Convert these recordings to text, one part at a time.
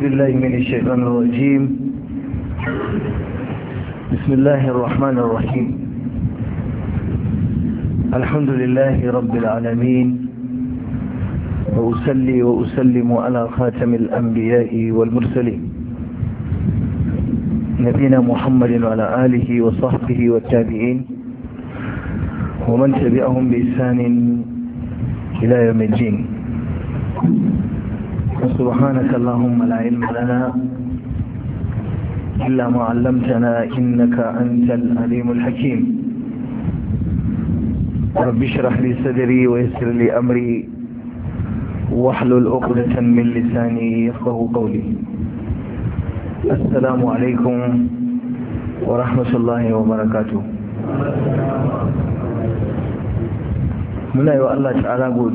بسم الله من الشيطان الرجيم بسم الله الرحمن الرحيم الحمد لله رب العالمين وأسلي وأسلم على خاتم الأنبياء والمرسلين نبينا محمد وعلى آله وصحبه والتابعين ومن تبعهم بإحسان إلى يوم الدين سبحانك اللهم لا علم لنا إلا ما علمتنا إنك أنت العليم الحكيم رب اشرح لي صدري ويسر لي أمري واحلل عقدة من لساني يفقه قولي السلام عليكم ورحمة الله وبركاته من yi wa تعالى قول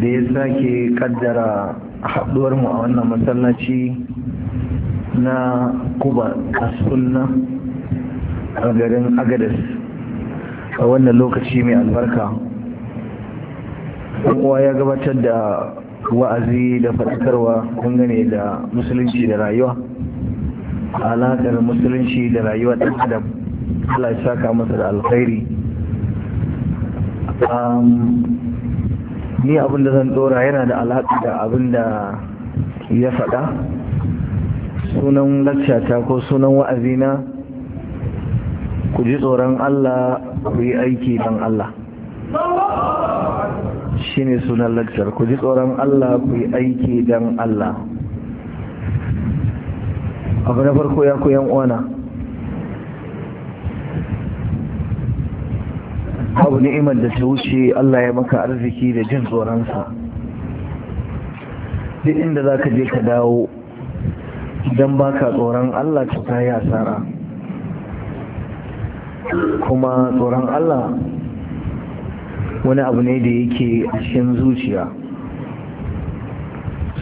da ya sake kaddara mu a wannan masallaci na kuba kasunna a garin agadis a wannan lokaci mai albarka uwa ya gabatar da wa'azi da faɗakarwa dangane da musulunci da rayuwa alaƙar musulunci da rayuwa ɗan adam ala shaka saka masa da alkhairi ni abin da zan dora yana da alaƙa da abin da ya faɗa sunan laccata ko sunan wa'azina ku ji tsoron Allah ku yi aiki don Allah shi ne sunan lakcar ku ji tsoron Allah ku yi aiki don Allah abu na farko ya ku yan ni'imar da ta wuce Allah ya maka arziki da jin tsoronsa duk inda za ka je ka dawo ba baka tsoron Allah to ta yi asara kuma tsoron Allah wani abu ne da yake a cikin zuciya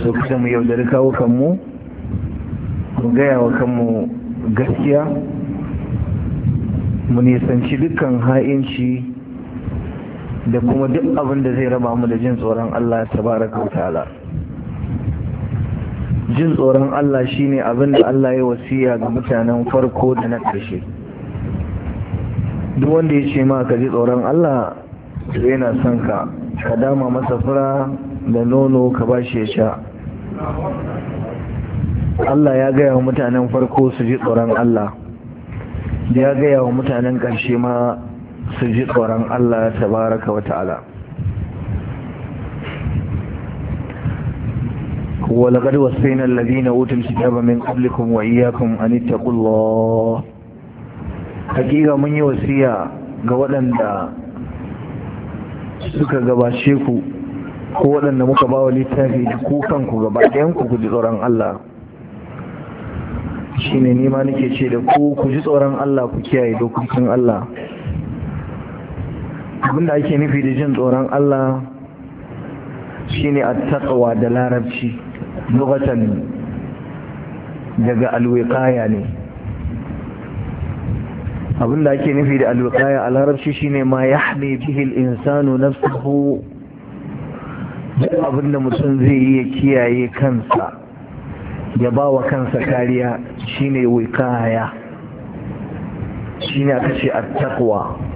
so kusa mu yaudari kawo kanmu mu gaya wa kanmu gaskiya mu nisanci dukkan ha'inci da kuma duk abin da zai raba mu da jin tsoron Allah ta wa ta'ala jin tsoron Allah shine abin da Allah ya wasiya ga mutanen farko da na ƙarshe duk wanda ya ce ma ka ji tsoron Allah to yana son ka ka dama masa fura da nono ka ba shi ya sha Allah ya gaya wa mutanen farko su ji tsoron Allah ya gaya wa mutanen ƙarshe ma su ji tsoron Allah tabaraka wa ta'ala ولقد وصينا الذين أوتوا الكتاب wa iyakun a nita اتقوا Hakika mun yi wasiya ga waɗanda suka gabace ku ko waɗanda muka ba wa littafi da ku kanku gaba ɗayanku ku ji tsoron Allah Shi shine nima nake ce da ku ku ji tsoron Allah ku kiyaye dokokin Allah abinda ake nufi da jin tsoron Allah shine a taƙawa da larabci lokacin daga alwiqaya ne abinda ake nufi da alwiqaya a larabci shine ma yahmi bihi insano insanu nafsuhu duk abinda mutum zai yi kiyaye kansa ya ba wa kansa kariya shine wiqaya shine aka ce a taƙawa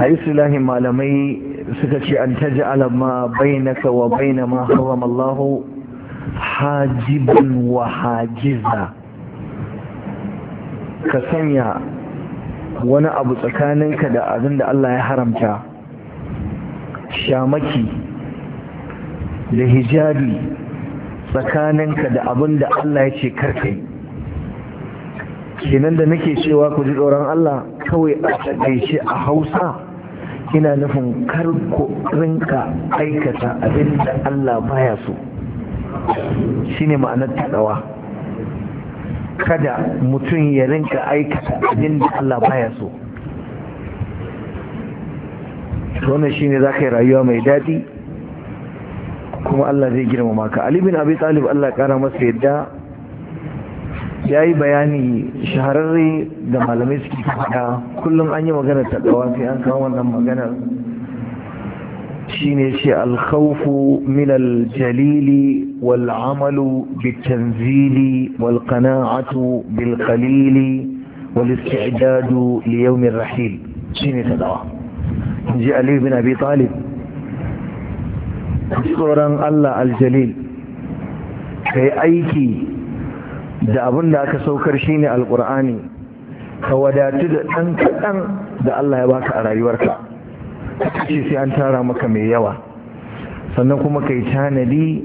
a lahi malamai suka ce an taji alama bainaka wa baina ma haram Allahu hajiban wa hajiza ka sanya wani abu tsakaninka da abin da Allah ya haramta shamaki da hijabi tsakaninka da abin da Allah ya ce karfe kenan da nake cewa ku ji tsoron Allah kawai a tsakaice a hausa ina nufin kar ku rinka aikata abin da Allah baya so shine ma'anar taɗawa kada mutum ya rinka aikata abin da Allah baya so wannan shine za ka yi rayuwa mai daɗi kuma Allah zai girmama ka Ali bin Abi Talib Allah ƙara masa yadda ya yi bayani shahararre da malamai suke faɗa kullum an yi maganar taɗawa sai an kawo wannan magana shine ce alkhawfu min aljalili wal amalu bitanzili wal qana'atu bil qalili wal isti'dadu li yawm rahil shine taɗawa ji ali bin abi talib tsoron Allah aljalil kai aiki da abin da aka saukar shine alkur'ani ka wadatu da ɗan kaɗan da Allah ya baka a rayuwarka ce sai an tara maka mai yawa sannan kuma ka yi tanadi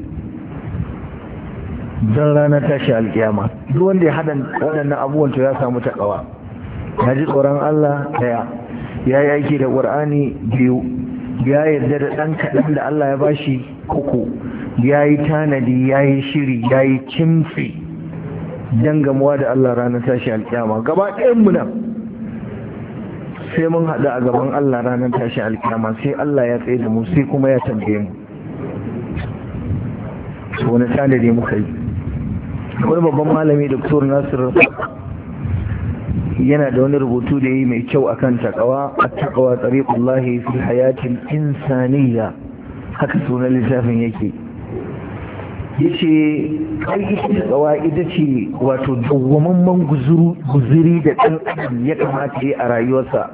don ranar tashi alkiyama duk wanda ya haɗa waɗannan abubuwan to ya samu takawa ya ji tsoron Allah ɗaya ya yi aiki da ƙur'ani biyu ya yarda da ɗan kaɗan da Allah ya bashi uku ya yi tanadi ya yi shiri ya yi kimfi dangamuwa gamuwa da Allah ranar tashi alkyama gaba ɗayan muna sai mun haɗu a gaban Allah ranar tashi alkyama sai Allah ya tsaye da mu sai kuma ya tambaye mu su wani tanadi muka yi wani babban malami doktor nasir yana da wani rubutu da yi mai kyau akan takawa a takawa tsariƙullahi fi hayatin insaniya haka sunan littafin yake yace ai ita takawa ita ce wato dawwamamman guzuri da ɗan adam ya kamata yi a rayuwarsa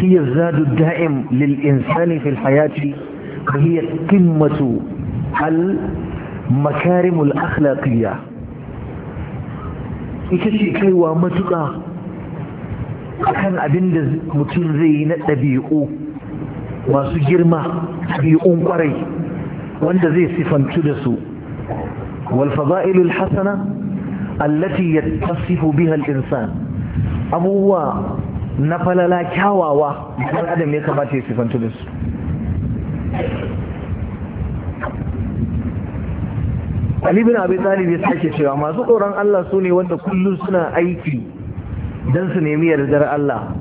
shi zadu da'im lil insani fil hayati wa hiya qimmatu al makarimul akhlaqiyya ita ce kaiwa matuƙa akan abin da mutum zai yi na ɗabi'u masu girma ɗabi'un ƙwarai wanda zai sifantu da su wal fada'ilul hasana allati yattasifu biha al-insan abubuwa na falala kyawawa dan adam ya kamata ya sifantu da su Ali bin Abi Talib ya sake cewa masu tsoron Allah su ne wanda kullum suna aiki don su nemi yardar Allah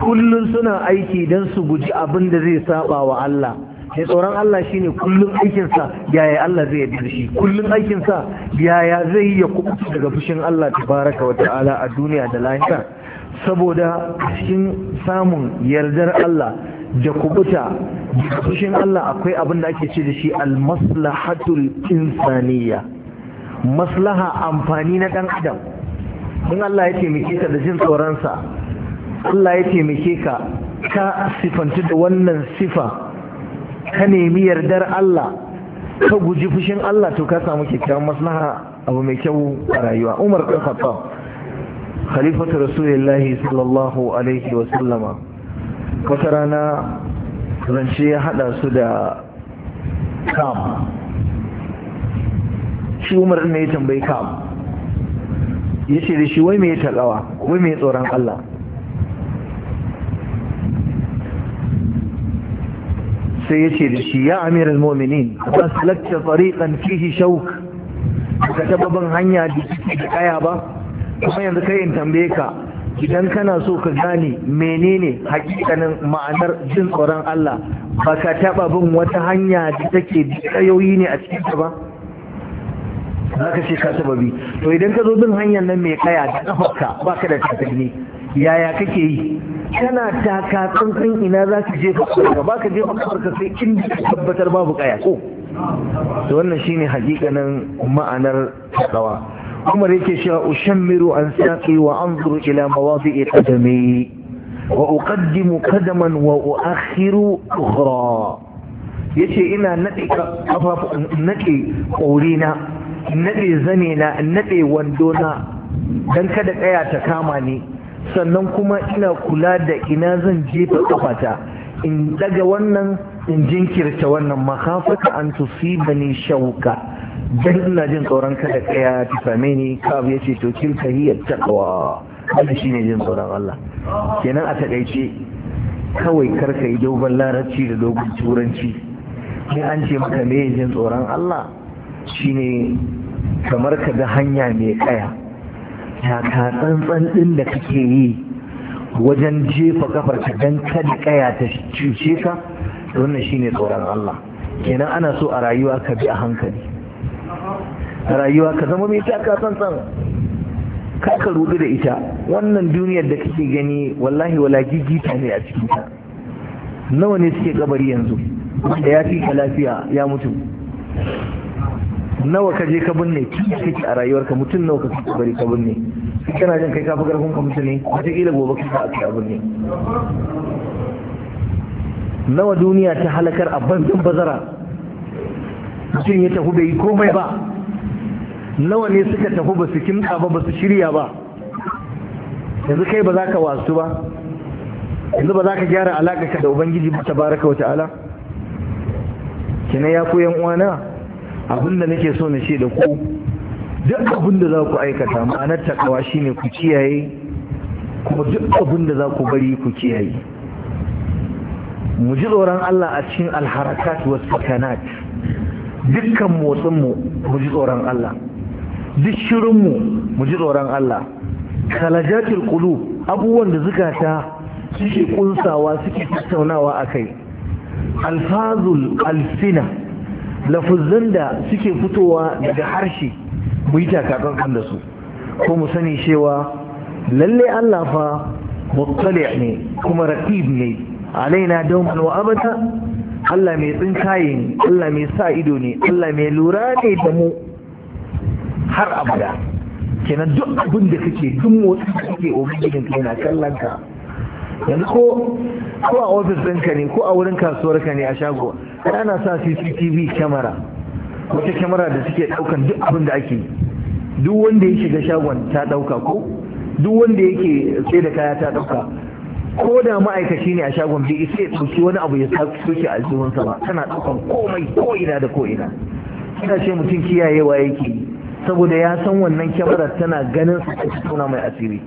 kullum suna aiki don su guji abin da zai saba wa Allah sai tsoron Allah shi ne kullum aikinsa yaya Allah zai yarda shi kullum aikinsa yaya zai yi ya kubuta daga fushin Allah Ta baraka wa ta'ala a duniya da lahira saboda cikin samun yardar Allah da kubuta daga fushin Allah akwai abin da ake ce da shi almaslahatul insaniya maslaha amfani na ɗan adam in Allah ya taimake ka da jin tsoronsa Allah ya taimake ka ka sifanci da wannan sifa ka nemi yardar Allah ka guji fushin Allah to ka samu kyakkyawan maslaha abu mai kyau a rayuwa Umar bin Khattab khalifatu Rasulullahi sallallahu alaihi wa sallama wata rana rance ya hada su da Kam shi Umar ne ya tambayi Kam yace da shi wai me ya talawa wai me tsoron Allah sai ya ce da shi ya amiral mominin ba su lakta tsariƙan fihi shauk ka taba ban hanya da kaya ba kuma yanzu kai in tambaye ka idan kana so ka gane menene hakikanin ma'anar jin tsoron Allah ba ka taba bin wata hanya da take tsayoyi ne a cikin ta ba za ka ce ka taba bi to idan ka zo bin hanyar nan mai kaya da kafarka ba ka da takalmi yaya kake yi kana taka tsantsan ina za ka jefa kafarka ba ka jefa kafarka sai inda tabbatar babu kaya ko to wannan shine hakikanin ma'anar tsawa umar yake cewa ushammiru an saqi wa anzuru ila mawadi'i qadami wa uqaddimu qadaman wa uakhiru ukhra yace ina nade kafafu nade korina nade zane na nade wando na dan kada kaya ta kama ni sannan kuma ina kula da ina zan jefa kafata in daga wannan in jinkirta wannan makafata an ne shauka dan ina jin tsoron kada kaya ta same ni kab yace to tilka hiya taqwa wannan shine jin tsoron Allah kenan a takaice kawai karka yi dogon larabci da dogon turanci Ni an ce maka me jin tsoron Allah shine kamar ka ga hanya mai kaya taka tsantsan ɗin da kake yi wajen jefa kafar ka don kada kaya ta cuce ka wannan shine tsoron Allah kenan ana so a rayuwa ka bi a hankali a rayuwa ka zama mai taka tsantsan ka rudu da ita wannan duniyar da kake gani wallahi wala gigita ne a cikin ta nawa ne suke kabari yanzu wanda ya fi ka lafiya ya mutu nawa ka je ka binne kike kike a rayuwarka mutum nawa ka kike bari ka binne kana jin kai kafi karfin ka mutane wataƙila gobe kika a cikin binne nawa duniya ta halakar a banzan bazara mutum ya tafi bai yi komai ba nawa ne suka tafi ba su kimta ba ba su shirya ba yanzu kai ba za ka wasu ba yanzu ba za ka gyara alaƙa da ubangiji ba tabaraka wa ta'ala kina ya koyan uwana abinda nake so na ce da ku duk abinda za ku aikata ma'anar takawa shine ku kiyaye kuma duk abinda za ku bari ku kiyaye mu ji tsoron Allah a cikin alharakat wa sakanat dukkan motsinmu mu ji tsoron Allah duk shirinmu mu ji tsoron Allah kalajatul qulub abubuwan da zukata suke kunsawa suke tattaunawa kai. alfazul alfina lafuzan da suke fitowa daga harshe mu yi takakan da su ko mu sani cewa lalle Allah fa muttali ne kuma raqib ne alaina dauman wa abada Allah mai tsinkaye ne Allah mai sa ido ne Allah mai lura ne da mu har abada kenan duk abin da kake duk motsi da kake ubangijin kai na kallon ka yanzu ko a ofis ɗinka ne ko a wurin kasuwar ka ne a shago ana sa cctv kyamara wata kyamara da suke ɗaukan duk abin da ake duk wanda ya shiga shagon ta ɗauka ko duk wanda yake sai da kaya ta ɗauka ko da ma'aikaci ne a shagon bai sai ɗauki wani abu ya soke a sa ba tana ɗaukan komai ko ina da ko ina ina ce mutum kiyayewa yake saboda ya san wannan kyamarar tana ganin su ta tuna mai asiri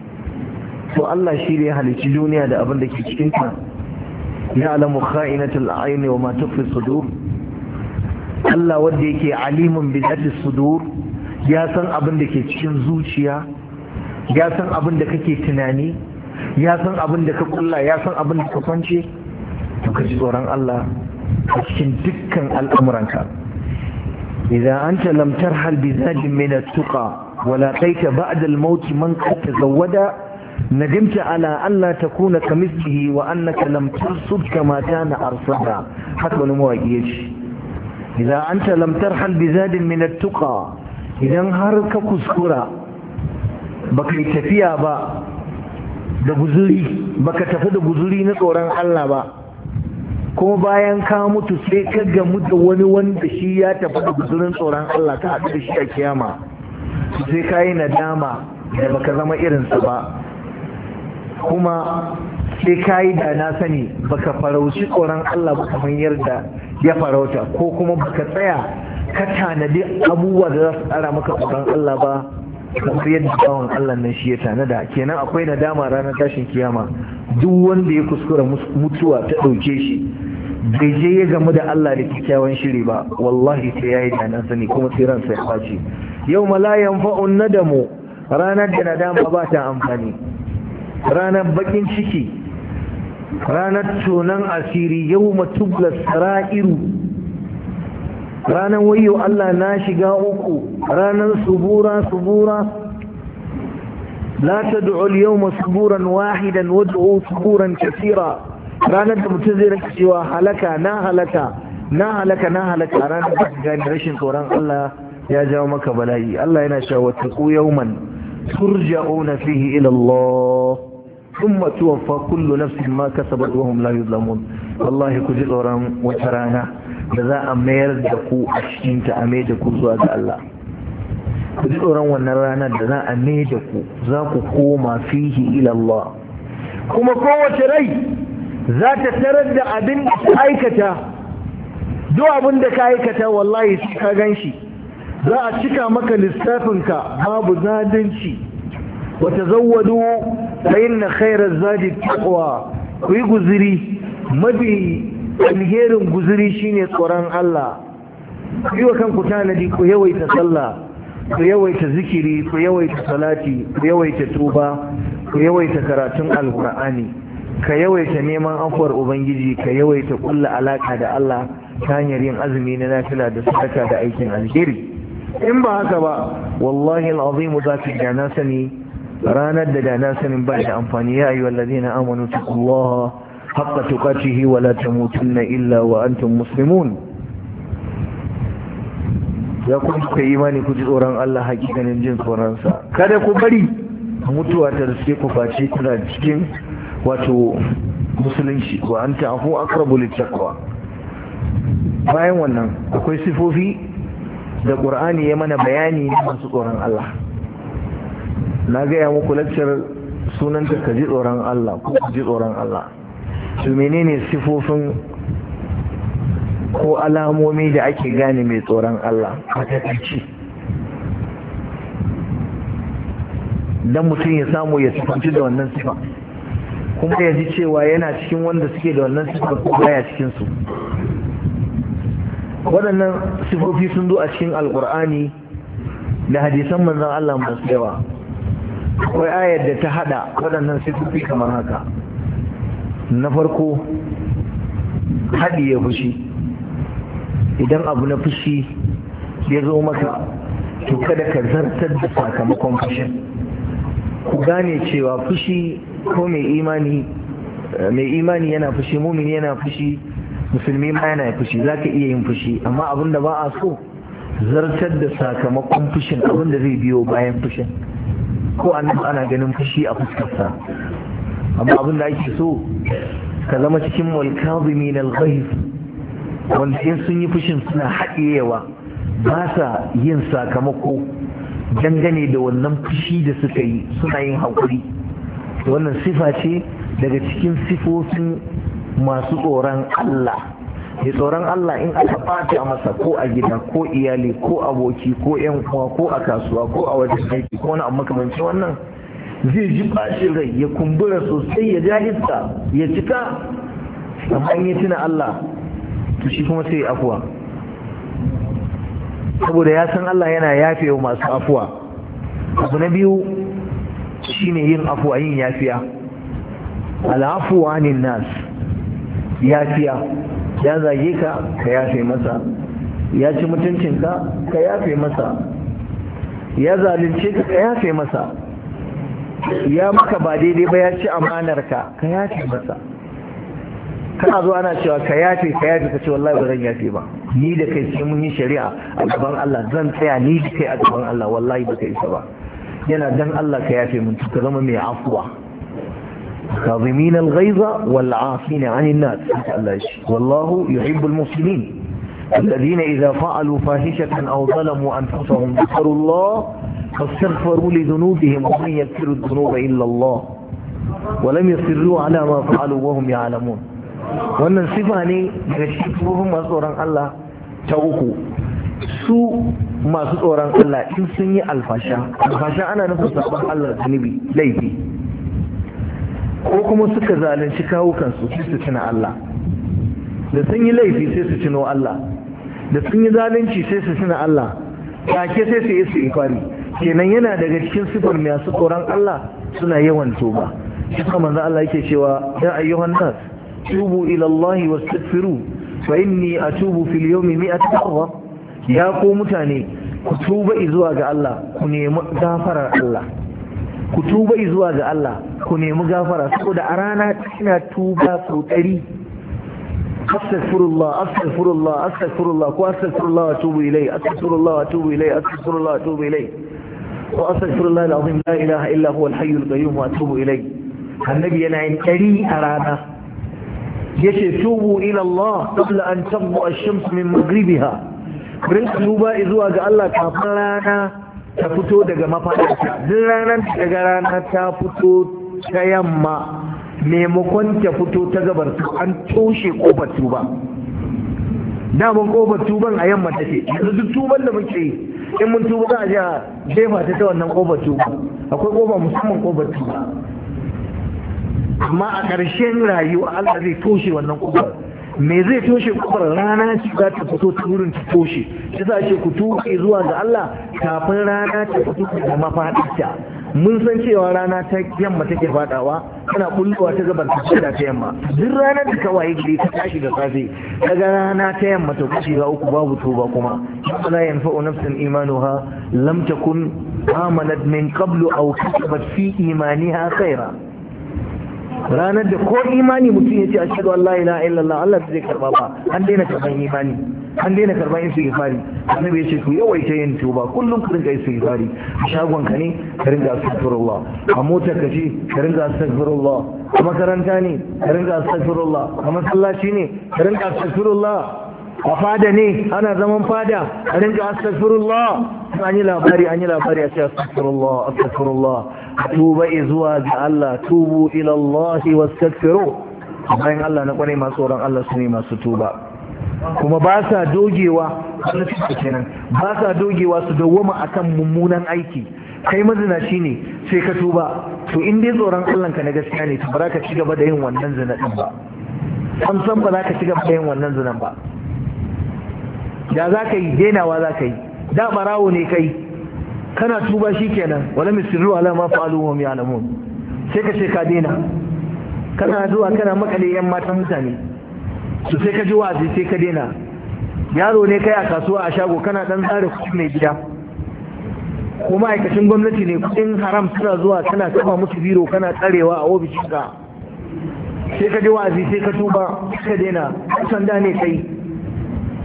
to Allah shi ne ya halicci duniya da abin da ke cikin ya alamu kha'inatul ayni wa ma tukhfi sudur Allah wanda yake alimun bi dhati sudur ya san abin da ke cikin zuciya ya san abin da kake tunani ya san abin da ka kulla ya san abin da ka kwance to ka ji tsoron Allah a cikin dukkan al'amuranka idza anta lam tarhal bi zadin min at-tuqa wala qaita ba'da al-maut man qad tazawwada ندمت على ألا تكون كمثله وأنك لم ترصد na arsada. أرصدها حتى نموك يجي إذا أنت لم ترحل بزاد من التقى إذا هرك كسكرة بكي تفيا با da guzuri baka tafi da guzuri na tsoron Allah ba kuma bayan ka mutu sai ka gamu da wani wanda shi ya tafi da guzurin tsoron Allah ka haɗu da shi a kiyama sai ka yi nadama da baka zama irin su ba kuma sai kayi da na sani baka farauci tsoron Allah ba kamar yadda ya farauta ko kuma baka tsaya ka tanadi abubuwa da za su tsara maka tsoron Allah ba kamar yadda bawan Allah na shi ya tanada kenan akwai nadama ranar tashin kiyama duk wanda ya kuskura mutuwa ta ɗauke shi bai je ya gamu da Allah da kyakkyawan shiri ba wallahi sai yayi da nan sani kuma sai ransa ya ɓaci yau malayan fa'un nadamu ranar da nadama ba ta amfani ranar bakin ciki ranar tonon asiri yau matubla sara'iru ranar wayo Allah na shiga uku ranar subura subura la tad'u al suburan wahidan wad'u suburan kaseera ranar da mutum zai rika cewa halaka na halaka na halaka na halaka ranar da gani rashin tsoron Allah ya jawo maka bala'i Allah yana cewa taku yawman turja'una fihi ila Allah thumma tuwaffa kullu nafsin ma kasabat wa hum la yuzlamun wallahi ku ji tsoron wata rana da za a mayar da ku a cikin ta a da ku zuwa ga Allah ku ji tsoron wannan rana da za a mai da ku za ku koma fihi ila Allah kuma kowace rai za ta tarar da abin da ta aikata duk abin da ka aikata wallahi sai ka gan shi za a cika maka lissafinka babu zadanci wata zawwado sayin na khairar zaji takwa ku yi guziri mafi alherin guziri shine tsoron Allah ku yi wa kanku tanadi ku yawaita sallah ku yawaita zikiri ku yawaita salati ku yawaita tuba ku yawaita karatun alkur'ani ka yawaita neman afuwar ubangiji ka yawaita kulla alaka da Allah ta hanyar yin azumi na nafila da sadaka da aikin alheri in ba haka ba wallahi alazim za ki gana sani ranar da dana sanin ba da amfani ya amonu ta amanu haka haqqa tuqatihi wa mutum na illa wa antum muslimun ya ku kuka imani ku ji tsoron Allah hakikanin jin tsoron sa kada ku bari mutuwa ta riske ku face kuna cikin wato musulunci wa anta afu aqrabu littaqwa bayan wannan akwai sifofi da ƙur'ani ya mana bayani na masu tsoron Allah na gaya muku lakcar sunanta ka ji tsoron Allah ko ji tsoron Allah to menene sifofin ko alamomi da ake gane mai tsoron Allah a takaici dan mutum ya samu ya sifanci da wannan sifa kuma ya ji cewa yana cikin wanda suke da wannan sifa ko baya cikinsu waɗannan sifofi sun zo a cikin alkur'ani da hadisan manzan Allah masu yawa akwai ayar da ta hada waɗannan sifofi kamar haka na farko haɗiye fushi idan abu na fushi ya zo maka to kada ka zartar da sakamakon fushin ku gane cewa fushi ko mai imani mai imani yana fushi mumini yana fushi musulmi ma yana fushi za ka iya yin fushi amma abin ba a so zartar da sakamakon fushin abin zai biyo bayan fushin ko annabi ana ganin fushi a fuskarsa amma abin da ake so ka zama cikin walkazimin na ghaiz wanda in sun yi fushin suna haɗewa ba sa yin sakamako dangane da wannan fushi da suka yi suna yin haƙuri wannan sifa ce daga cikin sifofin masu tsoron Allah mai tsoron Allah in aka fata masa ko a gida ko iyali ko aboki ko yan uwa ko a kasuwa ko a wajen aiki ko wani abu makamancin wannan zai ji bashin rai ya kumbura sosai ya jahilta ya cika amma in ya tuna Allah to shi kuma sai afuwa saboda ya san Allah yana yafe wa masu afuwa abu na biyu shine yin afuwa yin yafiya al'afuwa ne nas yafiya ya zage ka ka yafe masa ya ci mutuncinka ka yafe masa ya zalunce ka ka yafe masa ya maka ba daidai ba ya ci amanar ka yafe masa kana zo ana cewa ka yafe ka yafe ka ce wallahi ba zan yafe ba ni da kai sai mun yi shari'a a gaban Allah zan tsaya ni da kai a gaban Allah wallahi ba ka isa ba yana dan Allah ka yafe mun ka zama mai afuwa كاظمين الغيظ والعافين عن الناس والله يحب المسلمين الذين إذا فعلوا فاحشة أو ظلموا أنفسهم ذكروا الله فاستغفروا لذنوبهم ومن يغفر الذنوب إلا الله ولم يصروا على ما فعلوا وهم يعلمون wannan sifa ne daga cikin masu tsoron Allah ta uku su masu tsoron Allah in sun yi alfasha alfasha ana nufin sabon Allah zunubi laifi ko kuma suka zalunci kawukansu sai su tuna Allah da sun yi laifi sai su tuno Allah da sun yi zalunci sai su tuna Allah take sai su yi su inkwari kenan yana daga cikin sifar masu tsoron Allah suna yawan tuba kuma manzo Allah yake cewa ya ayyuhan nas tubu ila Allah wastaghfiru fa inni atubu fil yawmi mi'ata marra ya ko mutane ku tuba zuwa ga Allah ku nemi gafarar Allah ku tuba zuwa ga Allah ku nemi gafara saboda a rana tana tuba sau ɗari astaghfirullah astaghfirullah astaghfirullah ko astaghfirullah wa tubu ilai astaghfirullah wa tubu ilai astaghfirullah wa tubu ilai wa astaghfirullah alazim la ilaha illa huwa alhayyul qayyum wa tubu ilai annabi yana yin ɗari a rana yace tubu ila Allah qabla an tabu ash-shams min maghribiha rinka tuba zuwa ga Allah kafin rana ta fito daga mafaɗarta duk ranar daga rana ta fito ta yamma maimakon ta fito ta gabar an toshe ƙofar tuba daman ƙofar tuban a yamma ta ce yanzu duk tuban da muke yi in mun tuba za a je a jefa ta ta wannan ƙofar tuba akwai ƙofa musamman ƙofar tuba amma a ƙarshen rayuwa Allah zai toshe wannan ƙofar me zai toshe kofar rana ce ta fito ta wurin ta toshe ta sa ce ku tuƙe zuwa ga Allah kafin rana ta fito da mafaɗinta mun san cewa rana ta yamma take faɗawa tana bullowa ta gaban ta shida ta yamma duk ranar da ta waye gari ta tashi da safe daga rana ta yamma ta kuce ga uku babu tuba kuma la yanfa'u nafsan imanuha lam takun amanat min qablu aw kasabat fi imaniha khaira ranar da ko imani mutum ya ce a shaɗu Allah ila illallah Allah zai karɓa ba an daina karɓan imani an daina karɓar yin fari. annabi ya ce ku ta yin tuba kullum ku rinka yin fari. a shagon ka ne ka rinka astaghfirullah a mota ka ce ka rinka astaghfirullah a makaranta ne ka rinka astaghfirullah a masallaci ne ka rinka astaghfirullah a fada ne ana zaman fada a rinka astagfirullah an yi labari an yi labari a ce astagfirullah astagfirullah tuba zuwa ga Allah tubu ila Allah wastagfiru bayan Allah na kware masu tsoron Allah su ne masu tuba kuma ba sa dogewa kenan ba sa dogewa su dawwama akan mummunan aiki kai shi ne sai ka tuba to in dai tsoron Allah ka na gaskiya ne to ba za ka ci gaba da yin wannan zina din ba san san ba za ka ci gaba da yin wannan zina ba da za ka yi denawa za ka yi da barawo ne kai kana tuba shi kenan wala misiru ala ma fa'alu wa alamun sai ka sai ka dena kana zuwa kana makale yan matan mutane su sai ka ji wazi sai ka dena yaro ne kai a kasuwa a shago kana dan tsari kuɗi mai gida ko ma'aikacin gwamnati ne kuɗin haram suna zuwa kana kafa musu biro kana tsarewa a ofishinka sai ka ji wazi sai ka tuba ka dena sanda ne kai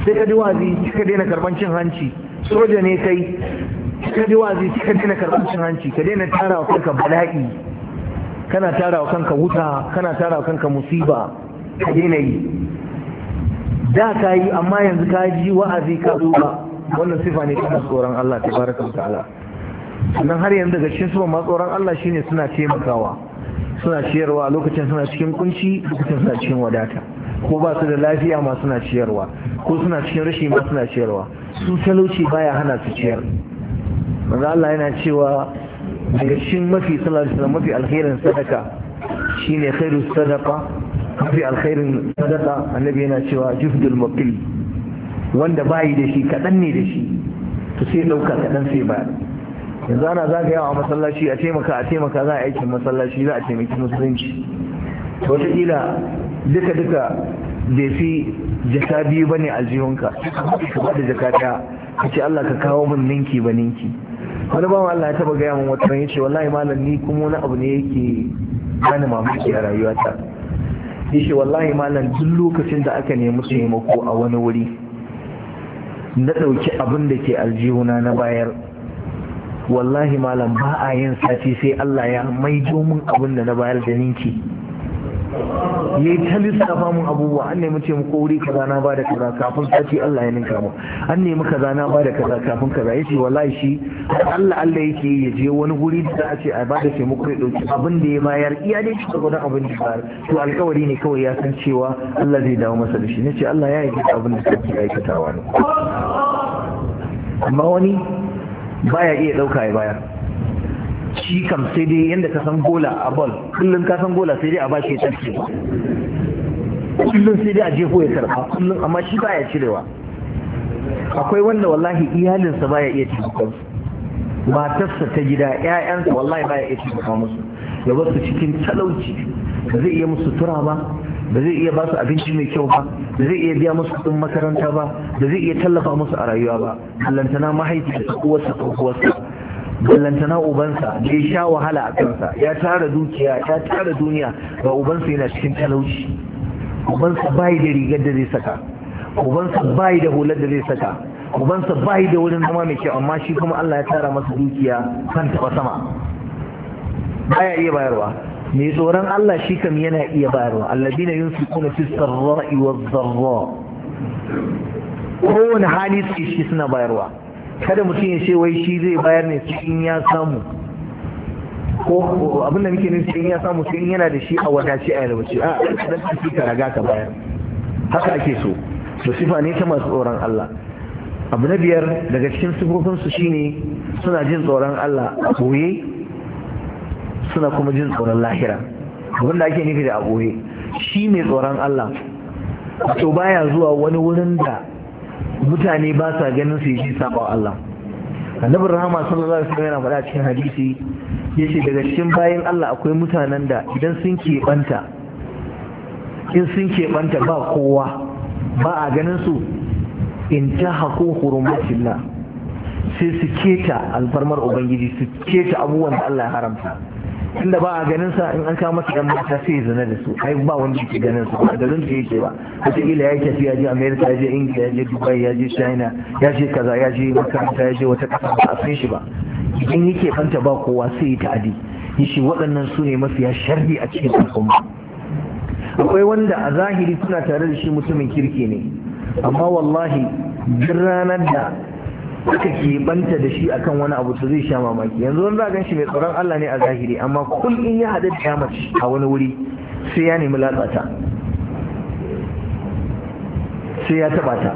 sai ka ji wazi kika daina karban cin hanci soja ne kai kika ji wazi kika daina karban cin hanci ka daina tara wa kanka bala'i kana tara wa kanka wuta kana tara wa kanka musiba ka daina yi da ka yi amma yanzu ka ji wa'azi ka duba wannan sifa ne kana tsoron Allah tabaraka wa ta'ala sannan har yanzu daga cikin sifan ma tsoron Allah shine suna taimakawa suna ciyarwa lokacin suna cikin kunci lokacin suna cikin wadata ko ba su da lafiya ma suna ciyarwa ko suna cikin rashi ma suna ciyarwa su talauci baya hana su ciyar manzo Allah yana cewa daga cikin mafi sallallahu alaihi mafi alkhairin sadaka shine khairu sadaqa mafi alkhairin sadaka annabi yana cewa jufdul muqil wanda bayi da shi kadan ne da shi to sai dauka kadan sai ba yanzu ana zagayawa a masallaci a taimaka a taimaka za a aikin masallaci za a taimaki musulunci wataƙila duka-duka bai fi jaka biyu ba ne aljihunka ka ba jaka ta ka ce Allah ka kawo min ninki ba ninki wani bawan Allah ya taba gaya min wata ya ce wallahi malam ni kuma wani abu ne yake bani mamaki a rayuwata ya ce wallahi malam duk lokacin da aka nemi taimako a wani wuri na ɗauki abin da ke aljihuna na bayar wallahi malam ba a yin sati sai Allah ya maido min abin da na bayar da ninki yayi ta lissafa mun abubuwa an nemi ce mu kori kaza na bada kaza kafin sati Allah ya ninka mu an nemi kaza na bada kaza kafin kaza yace wallahi shi Allah Allah yake ya je wani guri da a ce a bada ce muku dauki abin da ya bayar iya dai shi gudun abin da bayar to alƙawari ne kawai ya san cewa Allah zai dawo masa da shi nace Allah ya yi abin da kake aikatawa ne amma wani baya iya dauka ya bayar shi kam sai dai yadda ka san gola a bol kullum ka san gola sai dai a ba shi ya tsarki kullum sai dai a jefo ya karfa kullum amma shi ba ya cirewa akwai wanda wallahi iyalinsa ba ya iya taimakon matarsa ta gida 'ya'yansa wallahi ba ya iya taimaka musu ya basu cikin talauci ba zai iya musu tura ba ba zai iya basu abinci mai kyau ba ba zai iya biya musu kuɗin makaranta ba ba zai iya tallafa musu a rayuwa ba allantana mahaifi da uwarsa ko ballantana ubansa da ya sha wahala a kansa ya tara dukiya ya tara duniya ga ubansa yana cikin talauci ubansa bai da rigar da zai saka ubansa bai da hular da zai saka ubansa bai da wurin zama mai kyau amma shi kuma Allah ya tara masa dukiya kan taba sama baya iya bayarwa mai tsoron Allah shi kam yana iya bayarwa alladina yunfiquna fis sarra'i waz zarra kowane hali suke shi suna bayarwa kada mutum ya ce wai shi zai bayar ne su in ya samu ko abin da muke nufi in ya samu sai in yana da shi a wadace a yalwace a dan ka ka raga ka bayar haka ake so to sifa ne ta masu tsoron Allah abu na biyar daga cikin sifofin su shine suna jin tsoron Allah a boye suna kuma jin tsoron lahira abin da ake nufi da a boye shi mai tsoron Allah to baya zuwa wani wurin da mutane ba sa ganin su yi saba Allah annabi rahama sallallahu alaihi wasallam yana faɗa cikin hadisi yace daga cikin bayan Allah akwai mutanen da idan sun keɓanta in sun keɓanta ba kowa ba a ganin su in ta hako hurumatillah sai su keta alfarmar ubangiji su keta abubuwan da Allah ya haramta inda ba a ganin sa in an kawo masa yan mata sai zana da su ai ba wanda yake ganin su ba garin da yake ba wataƙila ya tafi ya je america ya je ingila ya je dubai ya je china ya je kaza ya je makaranta ya je wata kasa ba a san shi ba idan yake fanta ba kowa sai ya ta'adi yace waɗannan su ne mafiya sharri a cikin al'umma akwai wanda a zahiri suna tare da shi mutumin kirki ne amma wallahi duk ranar da aka keɓanta da shi akan wani abu to zai sha mamaki yanzu wani zagan shi mai tsoron Allah ne a zahiri amma kun in ya haɗu da kyamar a wani wuri sai ya nemi latsata sai ya taɓa ta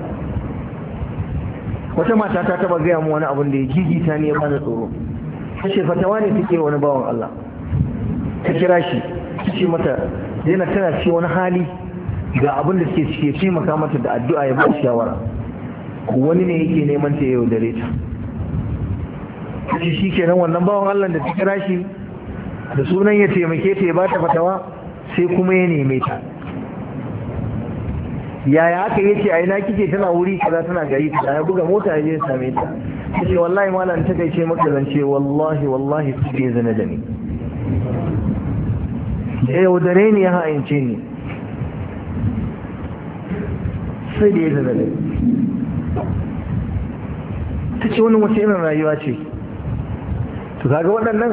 wata mata ta taɓa gaya mu wani abin da ya gigita ne ya bani tsoro ta ce fatawa ne take wani bawan Allah ta kira shi ta ce mata yana tana ce wani hali ga abin da suke cike taimaka mata da addu'a ya ba shawara wani ne yake neman ta yau dare ta shi shi nan, wannan bawan Allah da ta kira shi da sunan ya taimake ta ya ba ta fatawa sai kuma ya neme ta yaya aka yi ce a ina kike tana wuri kaza tana gari ta ya buga mota ya je ya same ta ce wallahi malam ta kai ce maka zance wallahi wallahi su ke zana da ni da yaudare ne ya ha'ince ni sai da ya zana da ni ta ce wani wace irin rayuwa ce to kaga waɗannan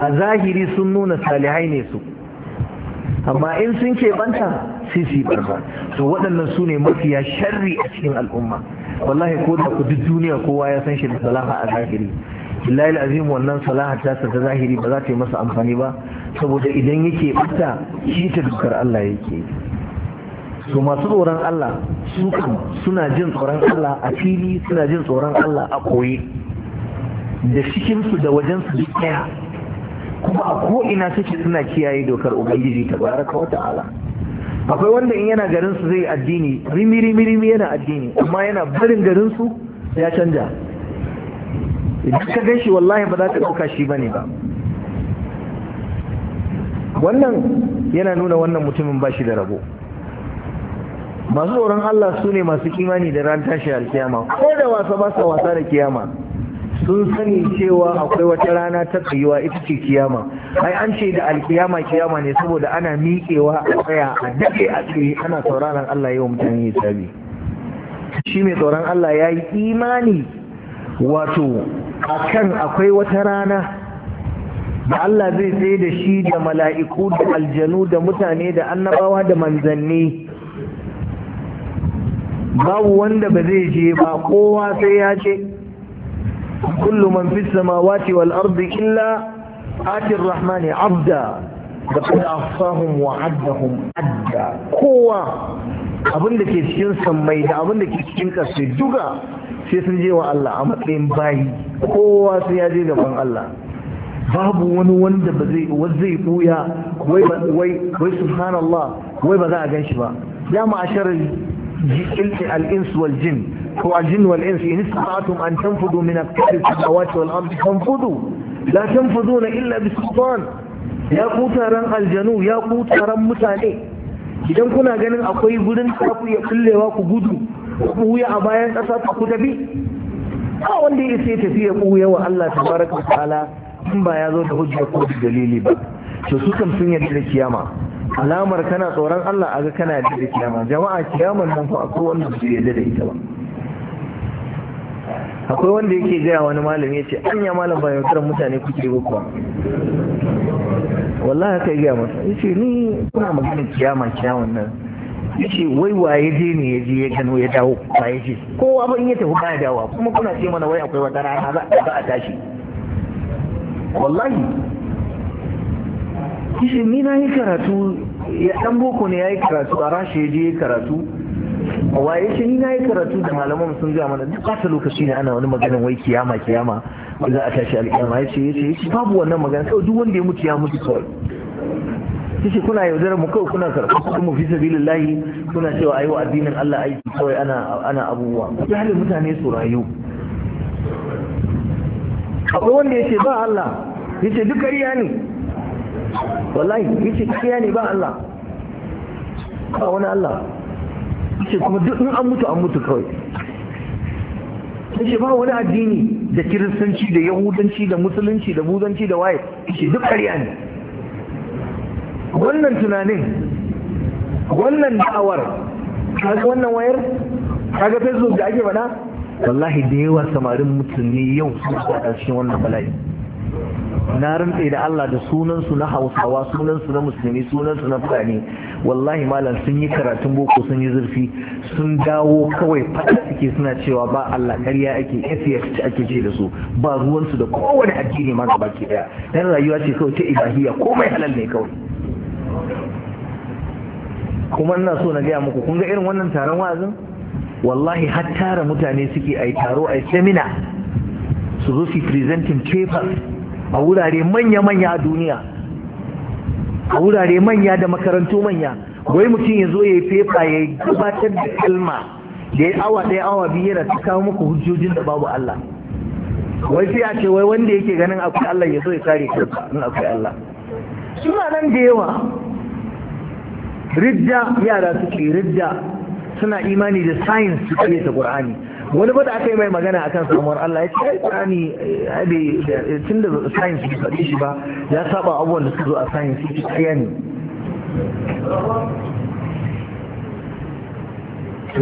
a zahiri sun nuna salihai ne su amma in sun ke banta sai su yi barba to waɗannan su ne mafiya sharri a cikin al'umma wallahi ko da ku duk duniya kowa ya san shi da salaha a zahiri billahi azim wannan salaha ta ta zahiri ba za ta yi masa amfani ba saboda idan yake bata shi ta dukkar Allah yake yi to masu tsoron Allah su suna jin tsoron Allah a fili suna jin tsoron Allah a koyi da cikinsu da wajensu duk daya kuma a ko'ina suke suna kiyaye dokar ubangiji ta baraka wata ala akwai wanda in yana garinsu zai addini rimi rimi rimi yana addini amma yana barin garinsu ya canja idan ka gan wallahi ba za ka ɗauka shi ba ne ba wannan yana nuna wannan mutumin ba shi da rabo masu tsoron Allah su ne masu imani da ran tashi alkiyama ko da wasa ba sa wasa da kiyama sun sani cewa akwai wata rana ta tsayuwa ita ce kiyama ai an ce da alkiyama kiyama ne saboda ana miƙewa a tsaya a dade a tsaye ana sauraron Allah yau mutane hisabi shi mai tsoron Allah ya yi imani wato akan akwai wata rana da Allah zai tsaye da shi da mala'iku da aljanu da mutane da annabawa da manzanni babu wanda ba zai je ba kowa sai ya ce kullu man fi samawati wal ardi illa atir rahmani abda da kuma afsahum wa addahum adda kowa abin da ke cikin sammai da abin da ke cikin ƙarshe duka sai sun je wa Allah a matsayin bayi kowa sai ya je gaban Allah babu wani wanda ba zai zai buya wai wai subhanallah wai ba za a gan shi ba ya ma'asharar الإنس والجن هو الجن والإنس إن استطعتم أن تنفذوا من أكثر السماوات والأرض فانفذوا لا تنفذون إلا بسلطان يا قوتارا الجنو يا قوتارا متاني idan kuna ganin akwai gudun da ku iya kullewa ku gudu ku wuya a bayan ƙasa ku tafi ba wanda ya sai tafiya ku yawa Allah tabaraka ta'ala in ba ya zo da hujja ko dalili ba to su kan sun yarda da kiyama alamar kana tsoron Allah a ga kana yarda da kiyama jama'a kiyaman nan fa akwai wanda su yarda da ita ba akwai wanda yake gaya wani malami ya ce an ya malam ba yautar mutane kuke ba kuwa wallahi kai gaya masa ya ce ni kuna magana kiyama kiyaman nan ya ce wai waye je ne ya je ya gano ya dawo ba ya ce kowa ba in ya tafi ya dawo kuma kuna ce mana wai akwai wata rana za a tashi wallahi kishin ni na yi karatu ya dan boko ne ya yi karatu a rashi ya je ya karatu waye shi ni na yi karatu da malaman sun gaya mana duk ɓata lokaci ne ana wani maganin wai kiyama kiyama za a tashi alkiyama ya ce ya ce ya ce babu wannan magana kawai duk wanda ya mutu ya mutu kawai kishi kuna yaudarar mu kawai kuna kuma mu fi sabilillahi kuna cewa ayi wa addinin Allah aiki kawai ana ana abubuwa ya halin mutane su rayu akwai wanda ya ce ba Allah ya ce duk ƙarya ne wallahi yace kiyaye ne ba Allah ba wani Allah yace kuma duk in an mutu an mutu kawai yace ba wani addini da kiristanci da yahudanci da musulunci da buzanci da waye yace duk ƙarya ne wannan tunanin wannan da'awar kaga wannan wayar kaga facebook da ake faɗa wallahi da yawa samarin ne yau suna faɗa cikin wannan bala'i na rantse da Allah da sunansu na hausawa sunansu na musulmi sunansu na fulani wallahi malam sun yi karatun boko sun yi zurfi sun dawo kawai faɗa suke suna cewa ba Allah ƙarya ake SFT ake ce da su ba ruwansu da kowane addini ma gaba ke daya dan rayuwa ce kawai ta ibahiyya komai halal ne kawai kuma ina so na gaya muku kun ga irin wannan taron wa'azin wallahi har tara mutane suke a taro a seminar su zo su presenting papers a wurare manya-manya a duniya a wurare manya da makarantu manya wai mutum ya zo ya yi fefa ya yi gabatar da kalma da ya awa ɗaya awa biyu yana ta kawo muku hujjojin da babu Allah wai sai a ce wai wanda yake ganin akwai Allah ya zo ya kare kansa in akwai Allah suna nan da yawa ridda yara suke ridda suna imani da science su kare ta Qur'ani wani ba aka yi mai magana a kan samuwar Allah ya ce tsani tun da science bai faɗi shi ba ya saba abubuwan da suka zo a science su tsaya ne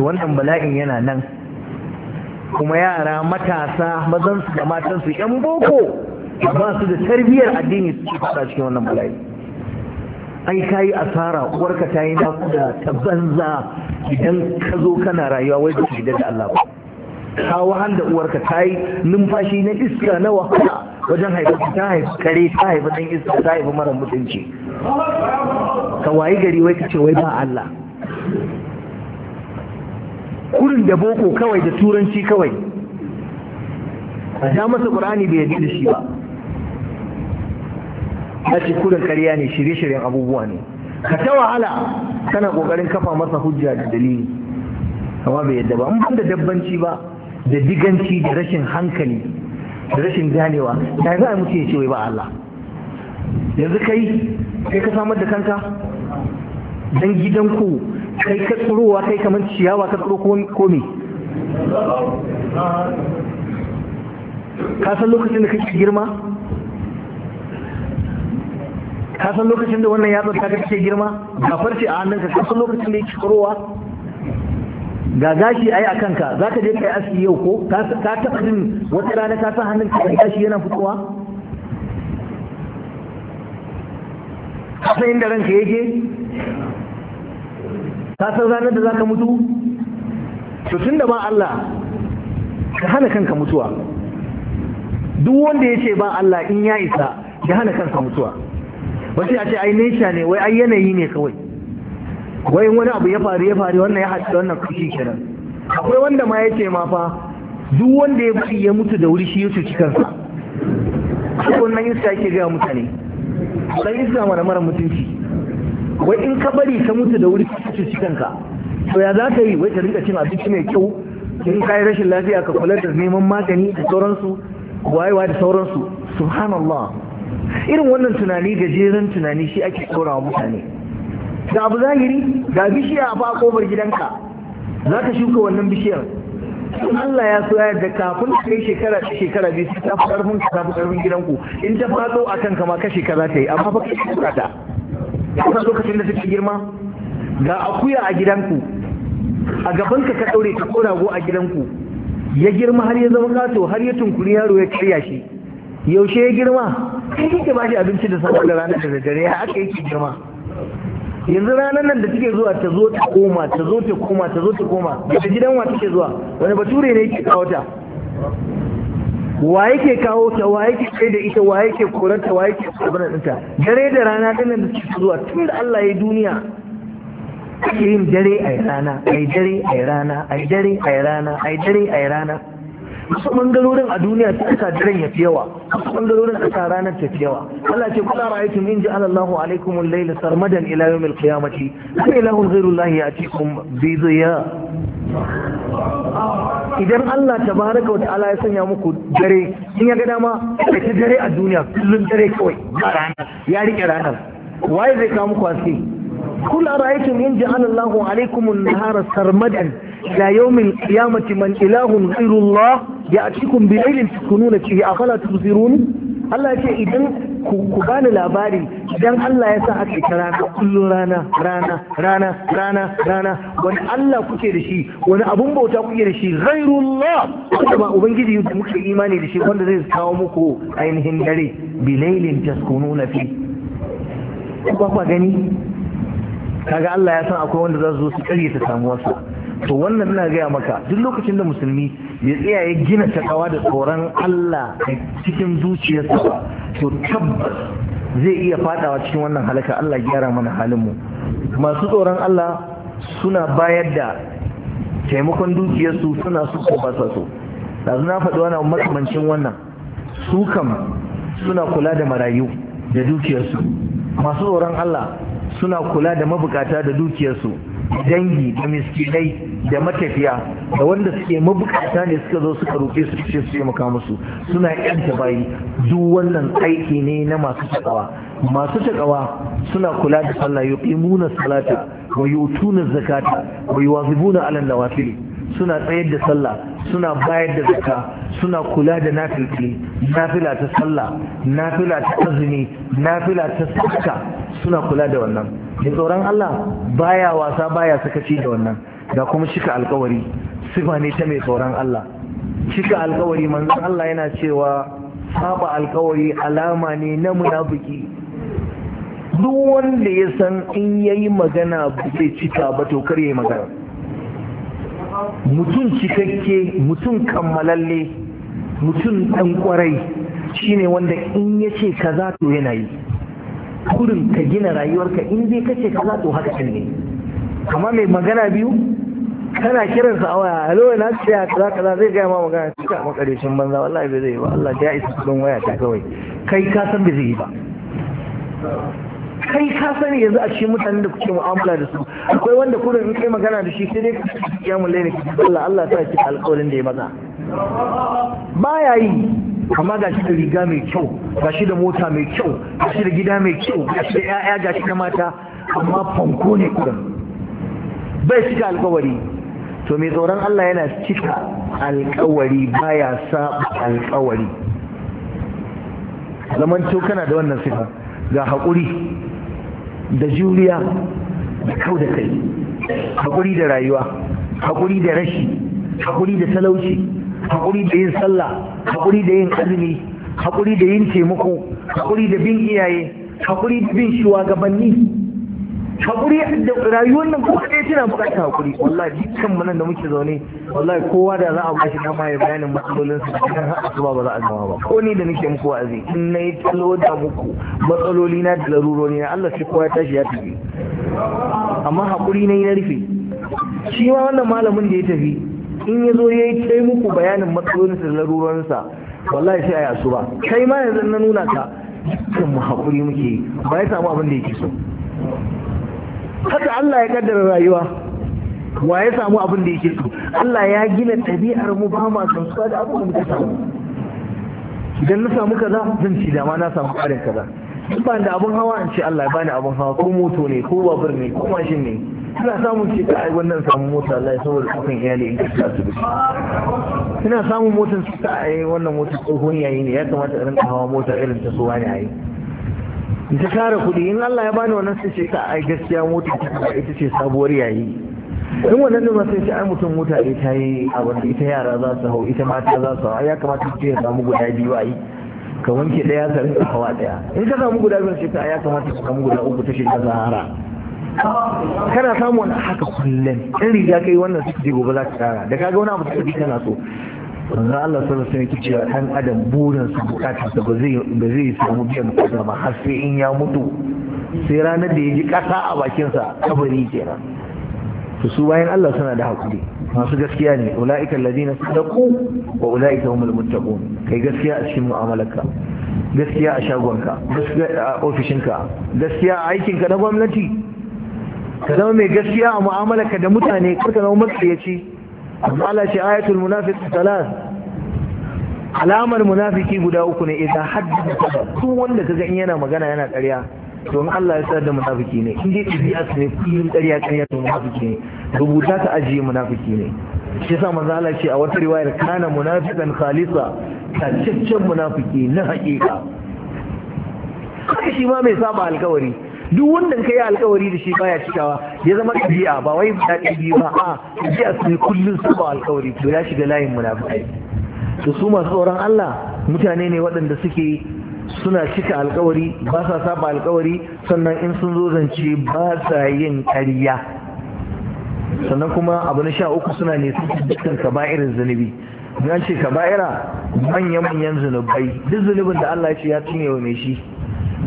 wannan bala'in yana nan kuma yara matasa mazansu, da matansu yan boko ba su da tarbiyyar addini su ci fada cikin wannan bala'i ai yi asara uwarka ta yi nasu da ta banza idan ka zo kana rayuwa wai ba su da Allah ba ka wahan da uwarka ta yi numfashi na iska na wahala wajen haifar ta haifar kare ta haifar dan iska ta haifar mara mutunci ka wayi gari wai ka ce wai ba Allah kurin da boko kawai da turanci kawai a ja masa qur'ani bai yadda shi ba ya ce kurin karya ne shirye-shiryen abubuwa ne ka ta wahala kana kokarin kafa masa hujja da dalili amma bai yadda ba in ban da dabbanci ba da diganci da rashin hankali da rashin ganewa ya za a mutu ya ce wai ba Allah yanzu kai kai ka samar da kanka dan gidanku kai ka tsurowa kai kamar ciyawa ka tsuro ko ka san lokacin da kake girma ka san lokacin da wannan yatsar ta kake girma ga farce a hannunka ka san lokacin da yake tsurowa ga gashi ai a kanka za ka je kai aski yau ko ka taɓa jin wata rana ka sa hannun ka gashi yana fitowa ka san inda ranka yake ka san ranar da za ka mutu to tun da ba Allah ka hana kanka mutuwa duk wanda ya ce ba Allah in ya isa ya hana kansa mutuwa wasu ya ce ai nesha ne wai ai yanayi ne kawai wai wani abu ya faru ya faru wannan ya haɗu wannan kashi kenan akwai wanda ma yake ma fa duk wanda ya bari ya mutu da wuri shi ya cuci kansa wannan iska yake gaya mutane dan iska mara mara mutunci wai in ka bari ka mutu da wuri ka cuci kanka to ya za ka yi wai ka rinka cin abinci mai kyau in ka yi rashin lafiya ka kula da neman magani da sauransu wayewa da sauransu subhanallah irin wannan tunani gajeren tunani shi ake tsorawa mutane Da abu zahiri ga bishiya a fa'a kofar gidanka za ka shuka wannan bishiyar in Allah ya so da kafin ka kai shekara ta shekara biyu sai ta fi karfin ka ta karfin gidanku in ta fato a kan kama ka shekara ta yi amma fa ka shekara ta kusa lokacin da ke girma ga akuya a gidanku a gabanka ka ka daure ka korago a gidanku ya girma har ya zama kato har ya tunkuri yaro ya karya shi yaushe ya girma kai kike ba shi abinci da safe da ranar da dare ya aka yake girma yanzu ranar nan da take zuwa ta zo ta koma ta zo ta koma ta zo ta koma daga gidan wa take zuwa wani bature ne yake kawo ta wa yake kawo ta wa yake kai da ita wa yake koranta wa yake abin ɗinta dare da rana nan da take zuwa tun da Allah ya duniya ake yin dare a rana ai dare a rana ai dare a rana ai dare a rana wasu bangarorin a duniya ta aka daren ya yawa wasu a aka ranar ta yawa Allah ce kula ra'aytum in ja'ala Allahu alaikum al-layla sarmadan ila yawm al-qiyamati fa ilahun ghayru Allah ya'tikum bi dhiya idan Allah tabaraka wa ta'ala ya sanya muku dare in ya ga dama ta dare a duniya kullun dare kawai ya rike ranar waye zai kawo muku haske kula ra'aytum in ja'ala Allahu alaykum an-nahara sarmadan ila yawmin qiyamati man ilahun ghayrullah ya'tikum bi laylin tukununa a afala tubsirun Allah ce idan ku bani labari idan Allah ya sa aka ta rana kullum rana rana rana rana rana wani Allah kuke da shi wani abun bauta kuke da shi ghayrullah wanda ba ubangiji da muke imani da shi wanda zai kawo muku ainihin dare bilailin laylin taskununa fi ku ba gani kaga Allah ya san akwai wanda za su zo su kare ta samuwarsa to wannan ina gaya maka duk lokacin da musulmi ya tsaya ya gina takawa da tsoron Allah cikin zuciyarsa to tabbas zai iya fadawa cikin wannan halaka Allah gyara mana halinmu masu tsoron Allah suna bayar da taimakon dukiyarsu suna su ko ba sa so yanzu na faɗi wani makamancin wannan su kam suna kula da marayu da dukiyarsu masu tsoron Allah suna kula da mabukata da dukiyarsu dangi da miskinai da matafiya da wanda suke mabukata ne suka zo suka roƙe su ce su taimaka musu suna yanta bayi duk wannan aiki ne na masu takawa masu takawa suna kula da sallah yuqimuna salata wa yutuna zakata wa yuwazibuna ala nawafil suna tsayar da sallah suna bayar da zakka suna kula da nafilki nafila ta sallah nafila ta azumi nafila ta sadaka suna kula da wannan mai tsoron Allah baya wasa baya sakaci da wannan da kuma shika alkawari sifa ne ta mai tsoron Allah shika alkawari manzon Allah yana cewa saba alkawari alama ne na munafiki duk wanda ya san in yayi magana zai cika ba to kar yayi magana mutum cikakke mutum kammalalle mutum dan kwarai shine wanda in yace kaza to yana yi kurin ka gina rayuwarka in dai kace ka zato to haka ɗin ne amma mai magana biyu kana kiran sa waya hello na tsaya kaza kaza zai gaya ma magana cika makarishin banza wallahi bai zai ba Allah ya isa kudin waya ta kawai kai ka san bai zai ba kai ka sani yanzu a cikin mutanen da kuke mu'amala da su akwai wanda kurin in kai magana da shi sai dai ya mulle ne ki Allah Allah ta ki alƙawarin da ya maza baya yi amma ga shi da riga mai kyau ga shi da mota mai kyau ga shi da gida mai kyau ga shi da 'ya'ya ga shi da mata amma fanko ne kudan bai cika alkawari to mai tsoron Allah yana cika alkawari baya saba alkawari zaman to kana da wannan sifa ga haƙuri da juriya da kau da kai haƙuri da rayuwa haƙuri da rashi haƙuri da talauci haƙuri da yin sallah haƙuri da yin azumi haƙuri da yin taimako haƙuri da bin iyaye haƙuri da bin gabanni haƙuri da rayuwar nan ko kaɗai tana buƙatar haƙuri wallahi dukkan mu nan da muke zaune wallahi kowa da za a bashi na maye bayanin matsalolin su cikin har asuba ba za a gama ba ko ni da nake muku wa'azi in na yi talo da muku matsaloli na da larurori na Allah sai kowa ya tashi ya tafi amma haƙuri na yi na rufe shi ma wannan malamin da ya tafi in ya zo ya yi kai muku bayanin matsalolinsa da larurarsa wallahi shi a yasu ba kai ma yanzu na nuna ka dukkan mu haƙuri muke ba ya samu abin da yake so haka Allah ya kaddara rayuwa wa ya samu abin da yake so Allah ya gina ɗabi'ar mu ba ma suwa da abin da muka samu idan na samu kaza zan ci dama na samu ƙarin kaza ba da abin hawa in ce Allah ya bani abin hawa ko moto ne ko babur ne ko mashin ne Ina samun ce ai wannan samun mota lai saboda kafin iyali in kasa su Ina samun motar su ta ai wannan motar tsohon yayi ne ya kamata irin hawa mota irin ta so wani ai in ta tara kuɗi in Allah ya bani wannan sai ce ta ai gaskiya mota ta ita ce sabuwar yayi in wannan ne sai ce ai mutum mota ne ta yi abin ita yara za su hau ita mata za su hau ya kamata ce ya samu guda biyu ai ka wanke ɗaya ka rinka hawa ɗaya in ka samu guda biyu sai ta ya kamata ka samu guda uku ta shiga zahara kana samun haka kullum in riga kai wannan suka je gobe za ta tara da kaga wani abu tafi kana so manzo Allah sallallahu alaihi wasallam yake cewa ɗan adam burin su bukata sa ba zai ba samu biyan bukata ba har sai in ya mutu sai ranar da ya ji kasa a bakinsa kabari kenan to su bayan Allah suna da hakuri masu gaskiya ne ulaika alladhina sadaqu wa ulaika humul muttaqun kai gaskiya a cikin mu'amalarka gaskiya a shagonka gaskiya a ofishinka gaskiya a aikinka na gwamnati ka zama mai gaskiya a mu'amala ka da mutane karka zama matsiyaci ya ce ayatul munafis talas alamar munafiki guda uku ne idan da kaza duk wanda ka in yana magana yana ƙarya to in Allah ya sadar da munafiki ne in dai ɗabi'a ne kullum ƙarya ƙarya to munafiki ne rubuta ta ajiye munafiki ne shi yasa manzo Allah ce a wata riwayar kana munafiqan khalisa tacaccen munafiki na haƙiƙa kai shi ma mai saba alƙawari duk wanda ka yi alkawari da shi baya cikawa ya zama ɗabi'a ba wai ba dadi biyu ba a ɗabi'a su ne kullum su ba alkawari to ya shiga layin munafikai to su masu tsoron Allah mutane ne waɗanda suke suna cika alkawari ba sa saba alkawari sannan in sun zo zance ba sa yin ƙarya sannan kuma abu na sha uku suna ne su dukkan kaba'irin zunubi an ce kaba'ira manya-manyan zunubai duk zunubin da Allah ya ce ya tunewa mai shi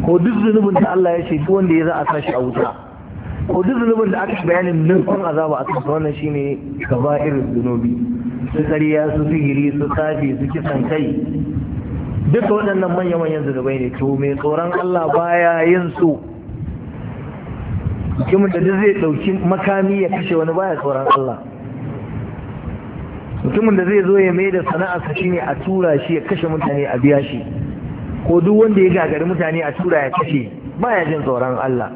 ko duk zunubin da Allah ya ce duk wanda ya za a sashi a wuta ko duk zunubin da aka bayanin kun azaba a kansa wannan shine kaba'ir zunubi su ƙarya su sihiri su safi su kisan kai duka waɗannan manya manyan zunubai ne to mai tsoron Allah baya yin su mutumin da duk zai ɗauki makami ya kashe wani baya tsoron Allah mutumin da zai zo ya mai da sana'arsa shine a tura shi ya kashe mutane a biya shi ko duk wanda ya gagari mutane a tura ya kashe baya jin tsoron Allah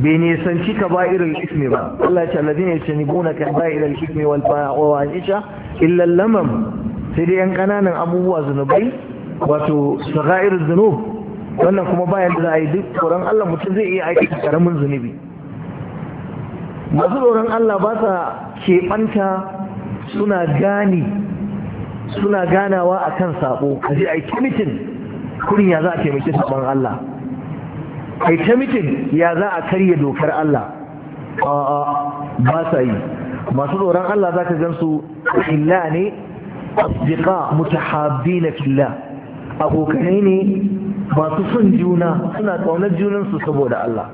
bai nisanci ka ba irin ismi ba Allah ya ce alladhina yajtanibuna ka ba irin ismi wal fawahisha illa lamam sai dai yan kananan abubuwa zunubai wato sagair zunub wannan kuma bayan da za a yi duk tsoron Allah mutum zai iya aikata karamin zunubi masu tsoron Allah ba sa keɓanta suna gani suna ganawa a kan sabo a je a yi ta mitin kurin ya za a taimaki sabon Allah a yi ta mitin ya za a karya dokar Allah a'a ba sa yi masu tsoron Allah za ka gan su illa ne asdiqa mutahabbina fillah abokanai ne masu son juna suna kaunar junansu saboda Allah